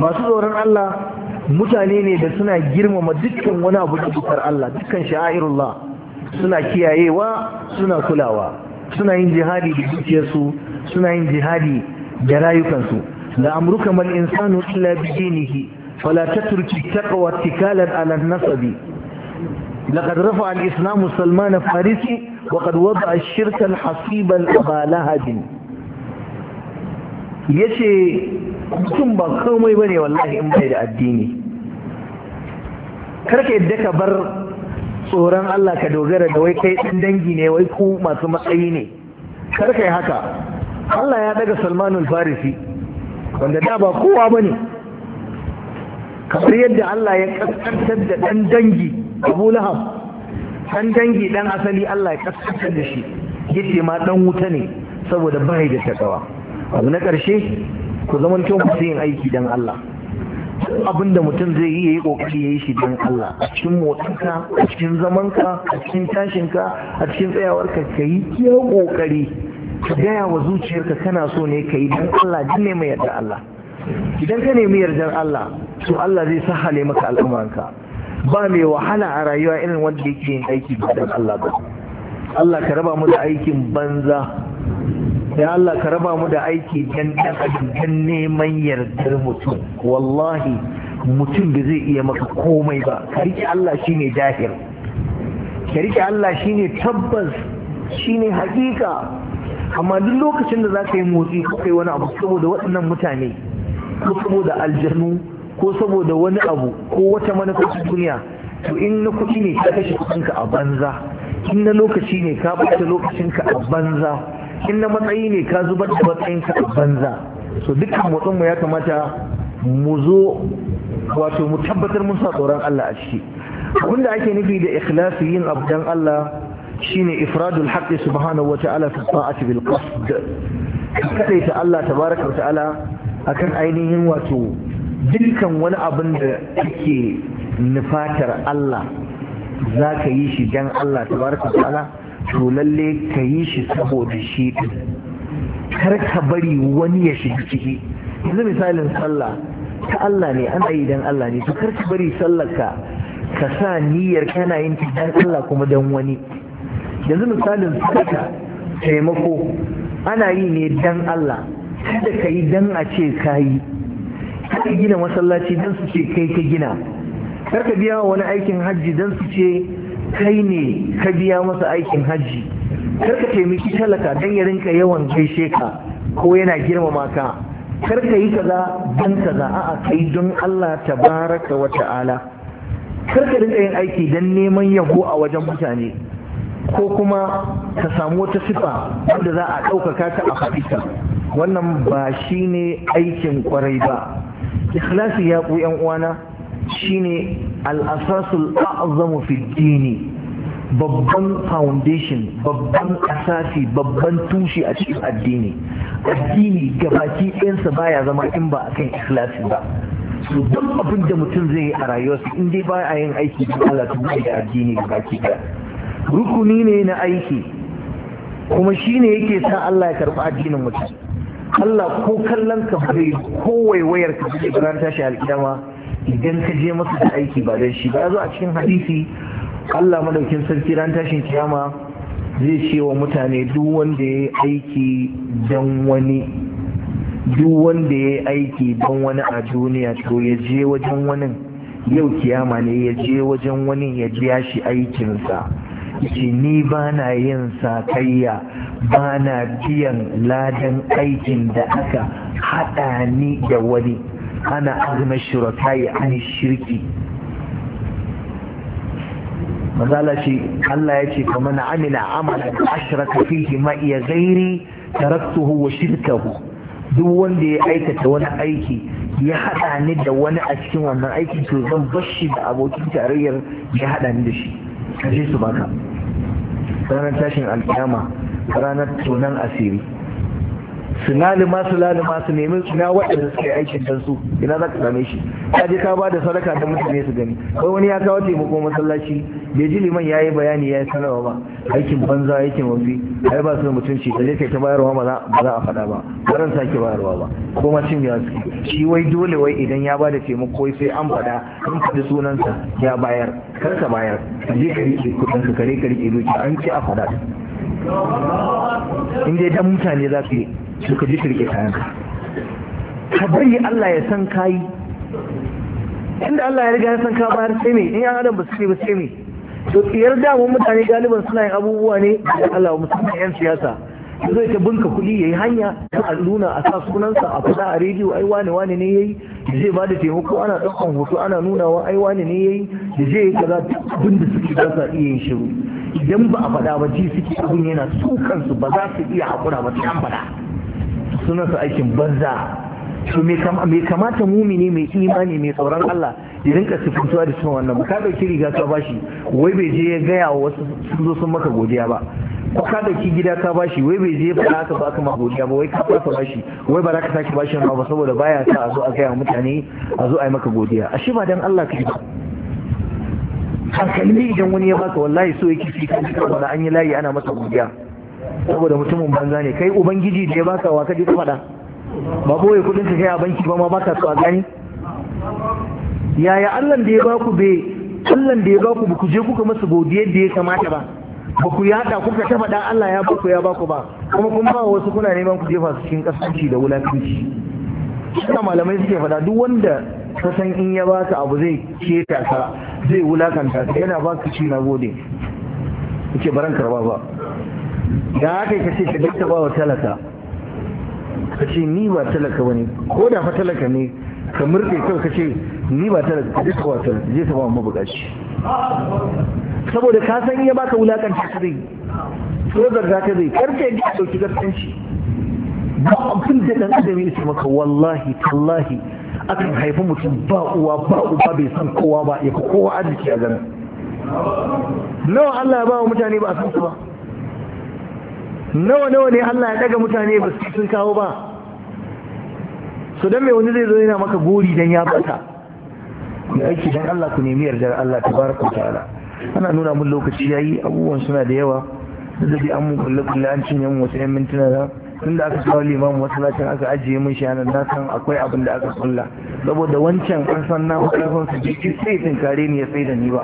masu tsoron Allah mutane ne da suna girmama dukkan wani abu da Allah dukkan sha'airullah suna kiyayewa suna kulawa suna yin jihadi da dukiyarsu suna yin jihadi da rayukansu la amruka mal insanu illa bi dinihi fala tatruki taqwa tikalan ala nasabi لقد رفع الإسلام سلمان فارسي وقد وضع الشرك الحصيب الأبا لهج يشي mutum ba komai ne wallahi in bai da addini karka ka bar tsoron Allah ka dogara da wai kai ɗan dangi ne wai ku masu matsayi ne kar kai haka Allah ya daga Salmanul Farisi wanda da ba kowa ba bane kamar yadda Allah ya kaskantar da ɗan dangi Abu Lahab ɗan dangi ɗan asali Allah ya kaskantar da shi Giti ma ɗan wuta ne saboda bai da takawa abu na ƙarshe ku zamanto mutum yin aiki dan Allah duk abin da mutum zai yi ya yi ƙoƙari ya yi shi don Allah a cikin motsinka a cikin zamanka a cikin tashinka a cikin tsayawarka ka yi ya ƙoƙari ka gaya wa zuciyarka kana so ne ka yi don Allah duk ne mai yarda Allah idan ka nemi yardar Allah to Allah zai sahale maka al'amuranka ba mai wahala a rayuwa irin wanda yake yin aiki don Allah ba Allah ka raba mu da aikin banza sai Allah ka raba mu da aiki dan dan dan neman yardar mutum wallahi mutum da zai iya maka komai ba kariki Allah shine dahir ka rike Allah shine tabbas shine hakika amma duk lokacin da zaka yi motsi ko kai wani abu saboda waɗannan mutane ko saboda aljanu ko saboda wani abu ko wata manufa ta duniya to in na kuɗi ne ka kashe kuɗinka a banza in na lokaci ne ka ɓata lokacinka a banza in na matsayi ne ka zubar da matsayin ka banza so dukkan motsin mu ya kamata mu zo wato mu tabbatar mun sa tsoron Allah a ciki da ake nufi da ikhlasi yin abu dan Allah shine ifradul haqqi subhanahu wa ta'ala fi ta'ati bil qasd kadai ta Allah tabaaraka wa ta'ala akan ainihin wato dukkan wani abin da ake nufatar Allah zaka yi shi dan Allah baraka wa ta'ala to lalle ka yi shi saboda shi ɗin kar ka bari wani ya shiga ciki yanzu misalin sallah ta Allah ne ana yi dan Allah ne to kar ka bari sallarka ka sa niyyar kana yin ta dan Allah kuma dan wani yanzu misalin sadaka taimako ana yi ne dan Allah kada ka yi dan a ce ka yi ka gina masallaci dan su ce kai ka gina kar ka biya wani aikin hajji dan su ce kai ne ka biya masa aikin hajji Kar ka taimaki talaka don ya rinka yawan gaishe ka ko yana girmama ka karka yi kaza don kaza a kai don Allah ta tabaraka wa ta'ala karka rinka yin aiki don neman yabo a wajen mutane ko kuma ka samu wata sifa wanda za a ɗaukaka ta a faɗita wannan ba shi ne aikin kwarai ba ikhlasi ya ku yan uwana shine al-asasul a'zamu fi babban foundation babban asasi babban tushe a cikin addini addini gabaki ɗayansa baya zama in ba akan ikhlasi ba su duk abin da mutum zai yi a rayuwarsa in dai ba a yin aiki da Allah ta da addini gabaki ɗaya rukuni ne na aiki kuma shi ne yake sa Allah ya karɓi addinin mutum Allah ko kallon ka bai ko waiwayar ka bai ran tashi alkiyama idan ka je masa da aiki ba dan shi ba zo a cikin hadisi Allah madaukin sarki ran tashin kiyama zai ce wa mutane duk wanda ya aiki dan wani duk wanda ya aiki dan wani a duniya to ya je wajen wani yau kiyama ne ya je wajen wani ya biya shi aikinsa ce ni ba na yin sakayya ba na biyan ladan aikin da aka haɗa ni da wani ana azumar shiratayi an shirki mazala ce Allah ya ce kamar na amina amala ashraka kafin ma iya gairi taraktuhu wa shirkahu duk wanda ya aikata wani aiki ya haɗa ni da wani a cikin wannan aikin to zan bashi da abokin tarayyar ya haɗa ni da shi kaje su baka ranar tashin alkiyama ranar tunan asiri su lalima su lalima su nemi ina waɗanda suka yi aikin don su ina za ka same shi ka je ka ba da sadaka da mutane su gani ko wani ya kawo taimako masallaci bai ji liman ya yi bayani ya yi sanarwa ba aikin banza aikin wafi ai ba su da mutunci da zai kai ta bayarwa ba za a faɗa ba ba sake bayarwa ba ko ma cin ya suke shi wai dole wai idan ya ba da taimako sai an faɗa an faɗi sunansa ya bayar kar ka bayar ka je ka riƙe kuɗin ka ka riƙe dukiya an ce a faɗa in ya dan mutane za su yi su ka ji turke kayan ka ka bari Allah ya san kayi inda Allah ya riga ya san ka bayar sai mai in yan adam ba su ce ba sai mai to tsiyar damun mutane galiban suna yin abubuwa ne da Allah musamman yan siyasa zai ta bunka kuɗi ya yi hanya da a a sa sunansa a faɗa a rediyo ai wane wane ne yayi da zai ba da taimako ana ɗaukan hoto ana nunawa ai wane ne yayi da zai yi kaza duk da suke ba sa iya yin shiru idan ba a faɗa ba ji suke abin yana su kansu ba za su iya haƙura ba sai faɗa sunansa aikin banza to me kamata mumini mai imani mai tsoron Allah ya rinka sifintuwa da suna wannan ba ka ɗauki riga ka bashi wai bai je ya gaya wa wasu sun zo sun maka godiya ba ko ka ki gida ka bashi wai bai je ba ka ba aka godiya ba wai ka fasa bashi wai ba za ka saki bashi ba saboda baya sa a zo a gaya mutane a zo a yi maka godiya a shi ba dan Allah ka yi ba hankali idan wani ya baka wallahi so yake shi kan ka wala an yi layi ana masa godiya saboda mutumin banza ne kai ubangiji da ya baka wa ka je ka faɗa ba boye kudin ka kai a banki ba ma baka so a gani yaya Allah da ya baku be Allah da ya baku ba ku je kuka masa godiyar da ya kamata ba ba ku yada kuka tafa dan Allah ya baku ya baku ba kuma kun ba wasu kuna neman ku jefa su cikin kasanci da wulakanci kuma malamai suke faɗa duk wanda ta san in ya ba baka abu zai keta ka zai wulakanta ka yana ka ci na gode yake baran karba ba da haka ka ce ka ta ba wa talaka ka ce ni ba talaka ba ne ko da fa talaka ne ka murɗe kawai ka ce ni ba talaka ka ta ba talaka je ta ba bukaci saboda ka san iya baka wulakanta ka zai so zarga ka zai karfe da ya dauki shi ba abin da dan adam ya ce maka wallahi tallahi akan haifi mutum ba uwa ba uba bai san kowa ba ya kowa arziki a garin nawa Allah ya ba wa mutane ba a san su ba nawa nawa ne Allah ya daga mutane ba su sun kawo ba so dan mai wani zai zo yana maka gori dan ya bata ku aiki dan Allah ku nemi yardar Allah tabaraka ta'ala ana nuna mun lokaci yayi abubuwan suna da yawa da zai an mun kulle kulle an cinye mun wasu 'yan mintuna da tun da aka kawo limamin masallacin aka ajiye mun shi na san akwai abin da aka kulla saboda wancan an san na karfin su jiki sai sun kare ni ya sai da ni ba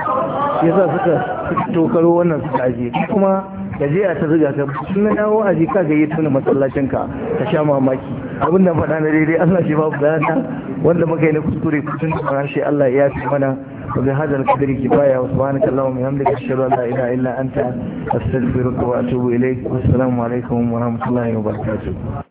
Ya yasa suka tokaro wannan suka ajiye kuma gajiya ta riga ka sun na dawo aji ka ga yato masallacin ka ka sha mamaki abin da faɗa na daidai Allah shi babu gana wanda muka yi na kuskure kuma da shi Allah ya fi mana وبهذا القدر كفاية وسبحانك اللهم يملك الشر لا إله إلا أنت أستغفرك وأتوب إليك والسلام عليكم ورحمة الله وبركاته